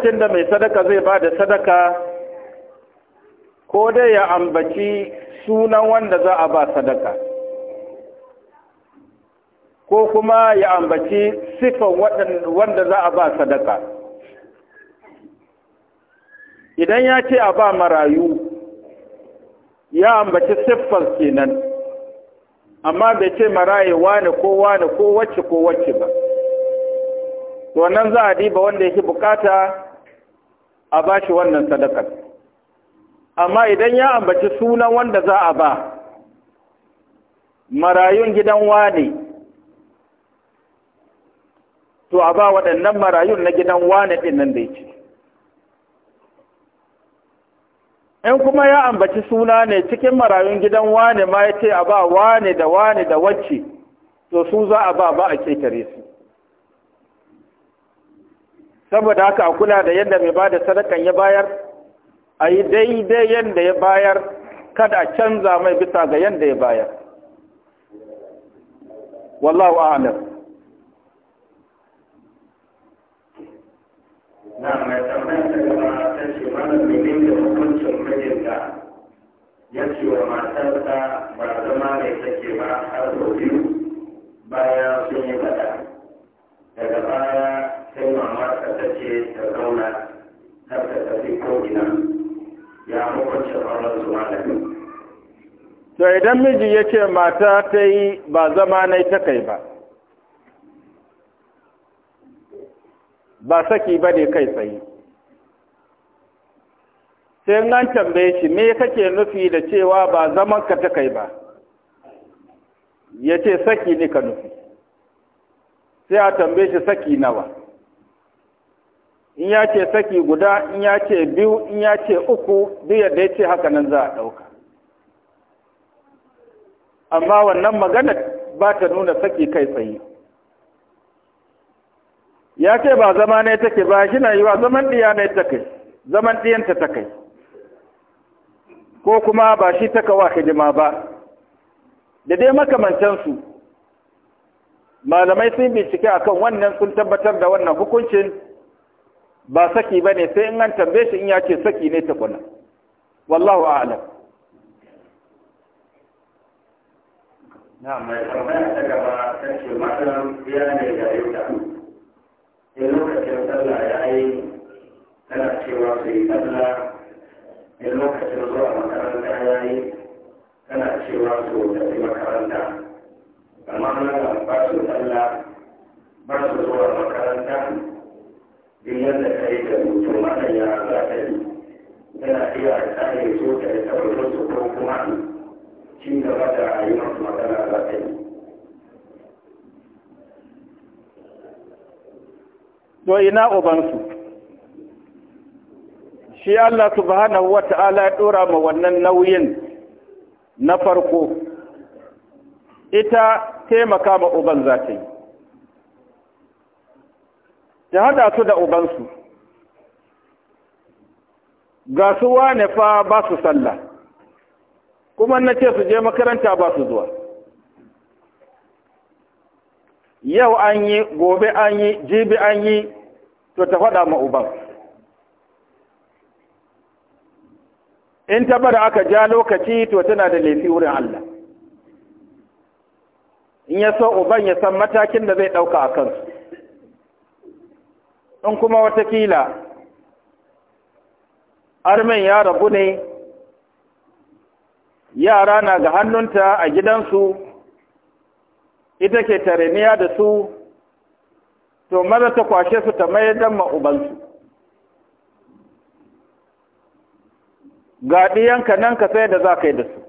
lokacin da mai sadaka zai ba da sadaka ko dai ya ambaci sunan wanda za a ba sadaka ko kuma ya ambaci sifan wanda za a ba sadaka idan ya ce a ba marayu ya ambaci siffar kenan amma bai ce maraye wane ko wane ko wacce ko wacce ba wannan za a diba wanda yake bukata a ba shi wannan sadakar amma idan ya ambaci sunan wanda za a ba marayun gidan wane to a ba waɗannan marayun na gidan wane ɗin nan da yake in kuma ya ambaci suna ne cikin marayun gidan wane ma ya ce a ba wane da wane da wacce to su za a ba ba a ƙetare su saboda haka a kula da yadda mai ba da sadakan ya bayar a yi daidai yadda ya bayar kada a canza mai bisa ga yadda ya bayar wallahu hannun na mai tsammanin da gaba ta ce mana menene da hukuncin mijinta ya ce wa matarsa ba zama mai take ba har sau biyu bayan ce ta zauna har ta tafi ko ina ya hukunci auren zuwa da malamin to idan miji ya ce mata ta yi ba zama na ta kai ba ba saki ba ne kai tsaye sai an tambaye shi me kake nufi da cewa ba zaman ka ta kai ba ya ce saki ne ka nufi sai a tambaye shi saki nawa in ya ce saki guda in ya ce biyu in ya ce uku duk yadda ya ce haka nan za a ɗauka amma wannan magana ba ta nuna saki kai tsaye ya ce ba zama ne take ba shi na yi wa zaman ɗiya ne take zaman ɗiyanta ta kai ko kuma ba shi ta kawa hidima ba da dai makamantansu malamai sun bincike akan wannan sun tabbatar da wannan hukuncin ba saki ba ne sai in an tambaye shi in ya ce saki ne ta tukuna wallahu a'lam na mai tambaya ta gaba ta ce matsalan ya ne ga yauta in lokacin sallah ya yi tana cewa su yi sallah in lokacin zuwa makaranta ya yi tana cewa su tafi makaranta amma na ba su sallah ba su zuwa makaranta duk yadda ka yi da mutum wannan ya za ka yi yana iya tsare so ta yi taɓa su ko kuma ci gaba da rayuwar magana za ka yi. To ina ubansu, shi Allah subhanahu wa ta'ala ya ɗora ma wannan nauyin na farko, ita taimaka ma uban za ta yi. ta hada su da ubansu ga su wane fa ba su sallah kuma na ce su je makaranta ba su zuwa yau an yi gobe an yi jibi an yi to ta faɗa ma uban in ta bada aka ja lokaci to tana da laifi wurin Allah in ya so uban ya san matakin da zai ɗauka a kansu in kuma watakila armin ya rabu ne yara na ga hannunta a gidansu ita ke tareniya da su to maza ta kwashe su ta mayar da ma'ubansu ga ɗiyanka nan ka sai da za ka yi da su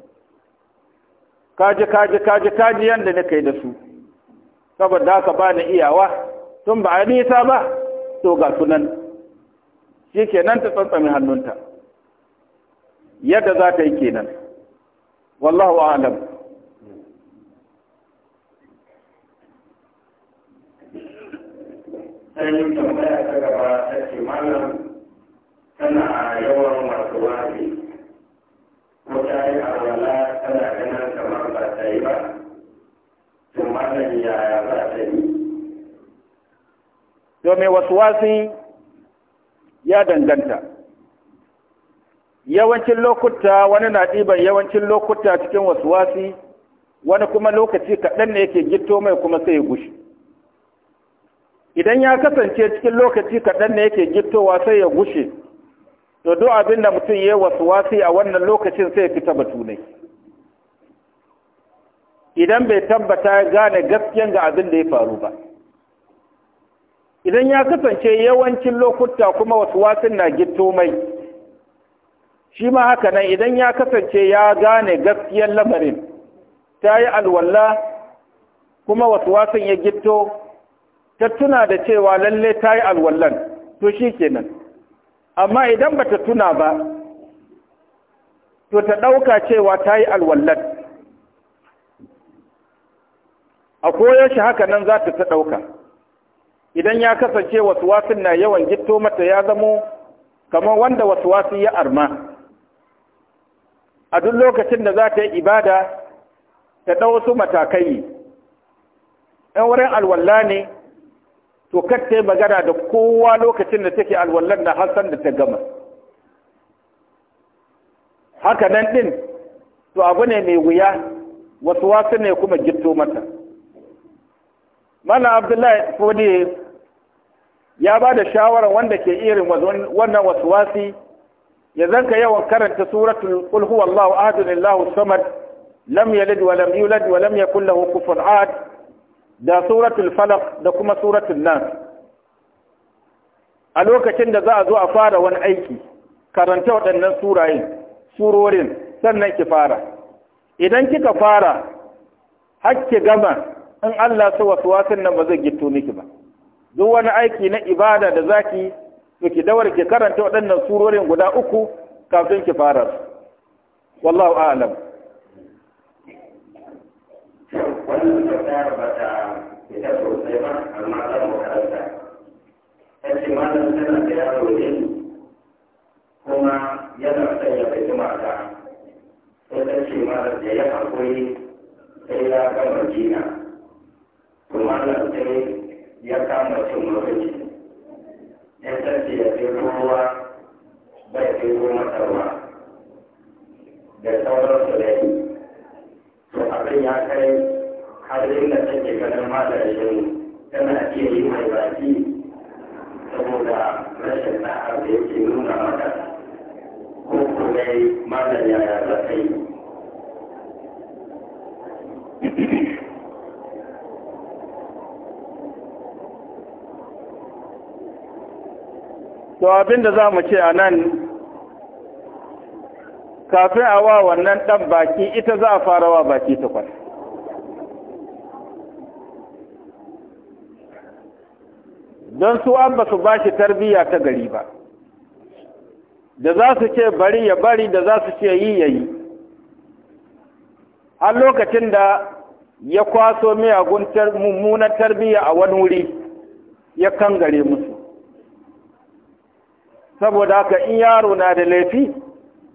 kaji kaji kaji kaji yadda ka kai da su saboda haka ba ni iyawa tun ba a nisa ba to ga sunan shi kenan ta tsantsami hannunta yadda za ta yi kenan wallahu alam sai tambaya ta gaba ta ce malam tana yawan to mai wasuwasi ya danganta yawancin lokuta wani na ɗiban yawancin lokuta cikin waswasi wani kuma lokaci kaɗan ne yake gito mai kuma sai ya gushi idan ya kasance cikin lokaci kaɗan ne yake wa sai ya gushe to duk abin da mutum ya yi a wannan lokacin sai ya fita batu ne idan bai tabbata ya gane gaskiyan ga abin da ya faru ba idan ya kasance yawancin lokuta kuma wasu wasan na gito mai shi ma haka nan idan ya kasance ya gane gaskiyar lamarin ta yi alwallah kuma wasu wasin ya gito, ta tuna da cewa lalle ta yi alwallan to shi kenan amma idan ba ta tuna ba to ta ɗauka cewa ta yi alwallan a koyaushe haka nan za ta ta ɗauka idan ya kasance wasuwasin na yawan gitto mata ya zamo kamar wanda wasuwasi ya arma a duk lokacin da za ta yi ibada ta ɗau su matakai 'yan wurin alwalla ne to ta magana da kowa lokacin da take alwallan na hassan da ta gama haka nan ɗin to abu ne mai wuya wasu wasu ne kuma gitto mata mana abdullahi fodiye ya ba da shawara wanda ke irin wannan waswasi ya zanka yawan karanta suratul qul huwallahu ahad allahu samad lam yalid wa lam yulad wa lam yakul lahu kufuwan ahad da suratul falaq da kuma suratul nas a lokacin da za a zo a fara wani aiki karanta waɗannan surayen surorin sannan ki fara idan kika fara har ki gama in Allah su wasu ba zai gito duk wani aiki na ibada da zaki to ki dawar ki karanta waɗannan surorin guda uku kafin ki fara su wallahu a'lam wannan ta ba ta ita sosai ba amma za mu karanta ta ce malam na kai a ne kuma yana son ya bai mata sai ta ce malam da ya haƙuri sai ya gama jina kuma to malam sai ya kama cin lokaci ya tafi ya fi ruwa bai fi ruwa ruwa da sauransu da yi to abin ya kai halin da take ganin malashin tana iya yi mai baki saboda rashin na'ar da yake nuna mata ko kuma malam yaya za ta to abinda za mu ce a nan kafin a wa wannan ɗan baki ita za a fara wa baki takwas don su an ba su ba shi tarbiyya ta gari ba da za su ce bari ya bari da za su ce yi ya yi har lokacin da ya kwaso miyagun mummunan tarbiyya a wani wuri ya gare musu saboda haka in yaro na da laifi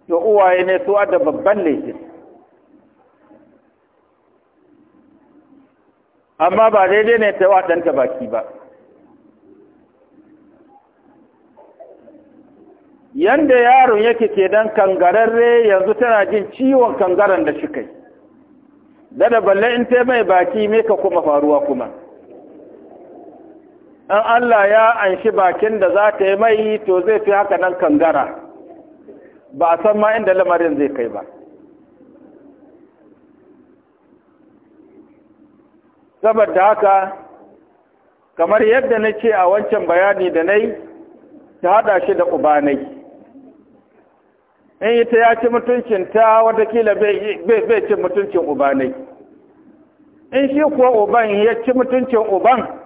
to uwaye ne su da babban laifi amma ba daidai ne ta waɗanta baki ba yanda yaron yake ke dan kangararre yanzu tana jin ciwon kangaren da shi kai da da balle in ta mai baki me ka kuma faruwa kuma in Allah ya anshi bakin da za ka yi mai to zai fi haka nan kangara ba a san ma inda lamarin zai kai ba saboda haka kamar yadda na ce a wancan bayani da na yi ta hada shi da ubanai in yi ta ya ci mutuncin ta watakila bai cin mutuncin ubanai in shi kuwa uban ya ci mutuncin uban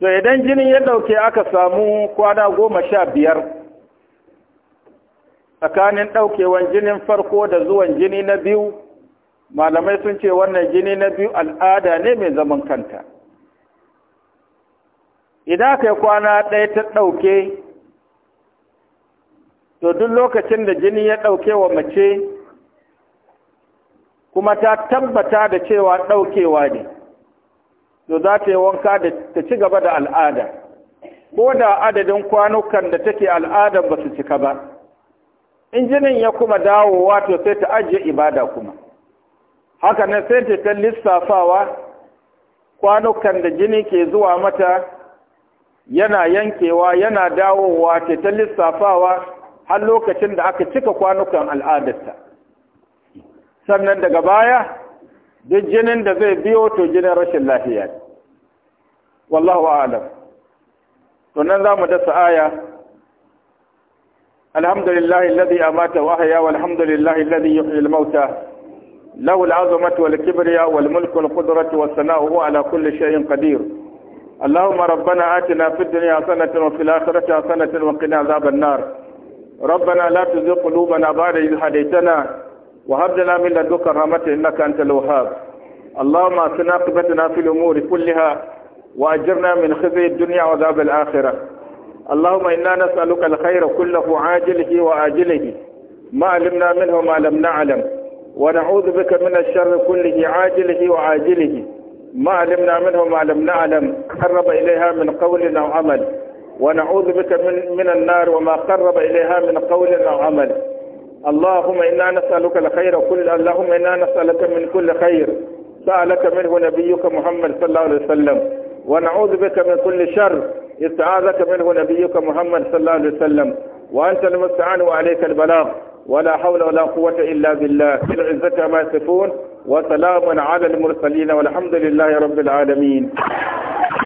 to idan jinin ya ɗauke aka samu kwana goma sha biyar tsakanin ɗaukewan jinin farko da zuwan jini na biyu malamai sun ce wannan jini na biyu al'ada ne mai zaman kanta idan aka yi kwana ɗaya ta ɗauke to duk lokacin da jini ya ɗauke wa mace kuma ta tabbata da cewa ɗaukewa ne to za ta yi wanka da ta ci gaba da al'ada ko da adadin kwanukan da take al'adar ba su cika ba in jinin ya kuma dawowa to sai ta ajiye ibada kuma haka nan sai ta ta lissafawa kwanukan da jini ke zuwa mata yana yankewa yana dawowa ta ta lissafawa har lokacin da aka cika kwanukan al'adarta sannan daga baya duk jinin da zai biyo to jinin rashin lafiya wallahu a'lam to nan za mu dasa aya alhamdulillah alladhi amata wa ahya walhamdulillah alladhi yuhyi al-mauta lahu al-'azamatu wal-kibriya wal-mulku wal-qudratu was-sana'u ala اللهم ربنا آتنا في الدنيا حسنة وفي الآخرة حسنة وقنا عذاب النار ربنا لا تزغ قلوبنا بعد إذ هديتنا وهب لنا من لدنك رحمة إنك أنت الوهاب اللهم أتنا قبتنا في الأمور كلها وأجرنا من خزي الدنيا وعذاب الآخرة اللهم إنا نسألك الخير كله عاجله وآجله ما علمنا منه ما لم نعلم ونعوذ بك من الشر كله عاجله وآجله ما علمنا منه ما لم نعلم قرب إليها من قول أو عمل ونعوذ بك من, من النار وما قرب إليها من قول أو عمل اللهم إنا نسألك الخير كل اللهم إنا نسألك من كل خير سألك منه نبيك محمد صلى الله عليه وسلم ونعوذ بك من كل شر استعاذك منه نبيك محمد صلى الله عليه وسلم وأنت المستعان وعليك البلاغ ولا حول ولا قوة إلا بالله العزة ما يصفون وسلام على المرسلين والحمد لله رب العالمين